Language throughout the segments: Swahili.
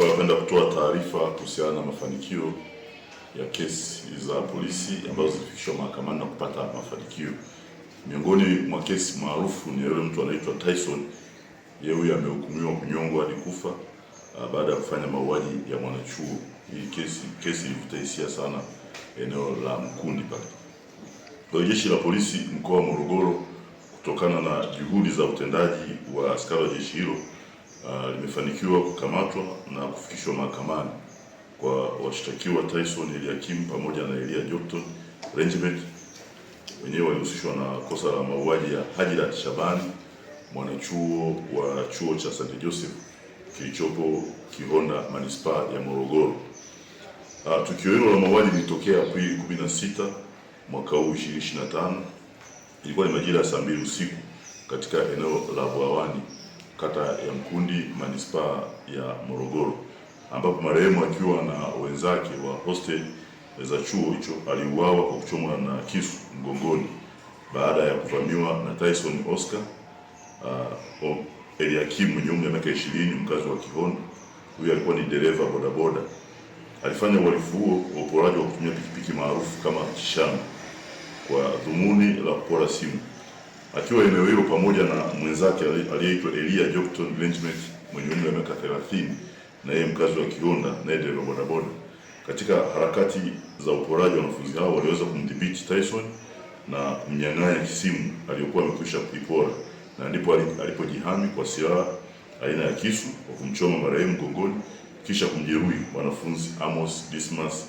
Kwa napenda kutoa taarifa kuhusiana na mafanikio ya kesi za polisi ambazo zilifikishwa mahakamani na kupata mafanikio. Miongoni mwa kesi maarufu ni yule mtu anaitwa Tyson. Yeye huyo amehukumiwa kunyongwa hadi kufa ah, baada ya kufanya mauaji ya mwanachuo. Hii kesi kesi ilivuta hisia sana eneo la Mkundi pale. Kwa jeshi la polisi mkoa wa Morogoro, kutokana na juhudi za utendaji wa askari wa jeshi hilo uh, ah, limefanikiwa kukamatwa na kufikishwa mahakamani kwa washtakiwa Tyson Eliakim pamoja na Elia Jokton Regiment. Wenyewe walihusishwa na kosa la mauaji ya Hajirat Shabani, mwanachuo wa chuo cha St. Joseph kilichopo Kihonda, manispaa ya Morogoro. Uh, tukio hilo la mauaji lilitokea Aprili 16 mwaka huu 2025, ilikuwa ni majira ya saa mbili usiku katika eneo la Bwawani kata ya Mkundi, manispaa ya Morogoro, ambapo marehemu akiwa na wenzake wa hostel za chuo hicho aliuawa kwa kuchomwa na kisu mgongoni baada ya kuvamiwa na Tyson Oscar uh, Eliakim mwenye umri wa miaka 20, mkazi wa Kihondo. Huyu alikuwa ni dereva bodaboda. Alifanya uhalifu huo wa uporaji wa kutumia pikipiki maarufu kama kishamu kwa dhumuni la kupora simu akiwa eneo hilo pamoja na mwenzake aliyeitwa Elia Jokton Benjamin mwenye umri wa miaka 30 na yeye mkazi wa Kihonda na dereva bodaboda. Katika harakati za uporaji, wa wanafunzi hao waliweza kumdhibiti Tyson na mnyang'anya simu aliyokuwa amekwisha kuipora, na ndipo alipojihami kwa silaha aina ya kisu kwa kumchoma marehemu gongoni kisha kumjeruhi mwanafunzi Amos Dismas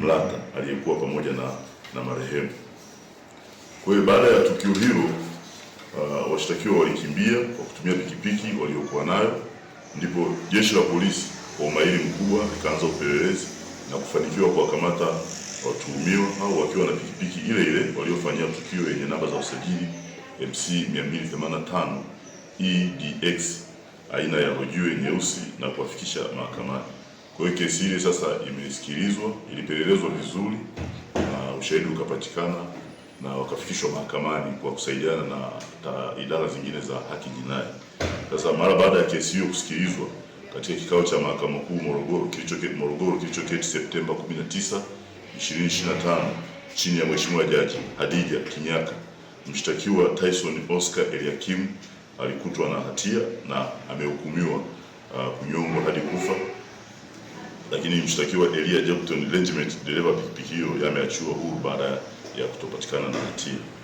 Mlata aliyekuwa pamoja na, na marehemu. Kwa hiyo baada ya tukio hilo uh, washtakiwa walikimbia kwa kutumia pikipiki waliokuwa nayo, ndipo jeshi la polisi kwa umahiri mkubwa likaanza upelelezi na kufanikiwa kuwakamata watuhumiwa au wakiwa na pikipiki ile ile waliofanyia tukio yenye namba za usajili MC 285 EDX aina ya hojue nyeusi na kuwafikisha mahakamani. Kwa hiyo kesi ile sasa imesikilizwa, ilipelelezwa vizuri na ushahidi ukapatikana na wakafikishwa mahakamani kwa kusaidiana na idara zingine za haki jinai. Sasa mara baada ya kesi hiyo kusikilizwa katika kikao cha mahakama kuu Morogoro kilichoketi Morogoro kilichoketi Septemba 19, 2025 chini ya Mheshimiwa Jaji Hadija Kinyaka, mshtakiwa Tyson Oscar Eliakim alikutwa na hatia na amehukumiwa uh, kunyongwa hadi kufa, lakini mshtakiwa Elia Jackton Lenjiment dereva pikipiki hiyo yameachiwa huru baada ya ya kutopatikana na hatia.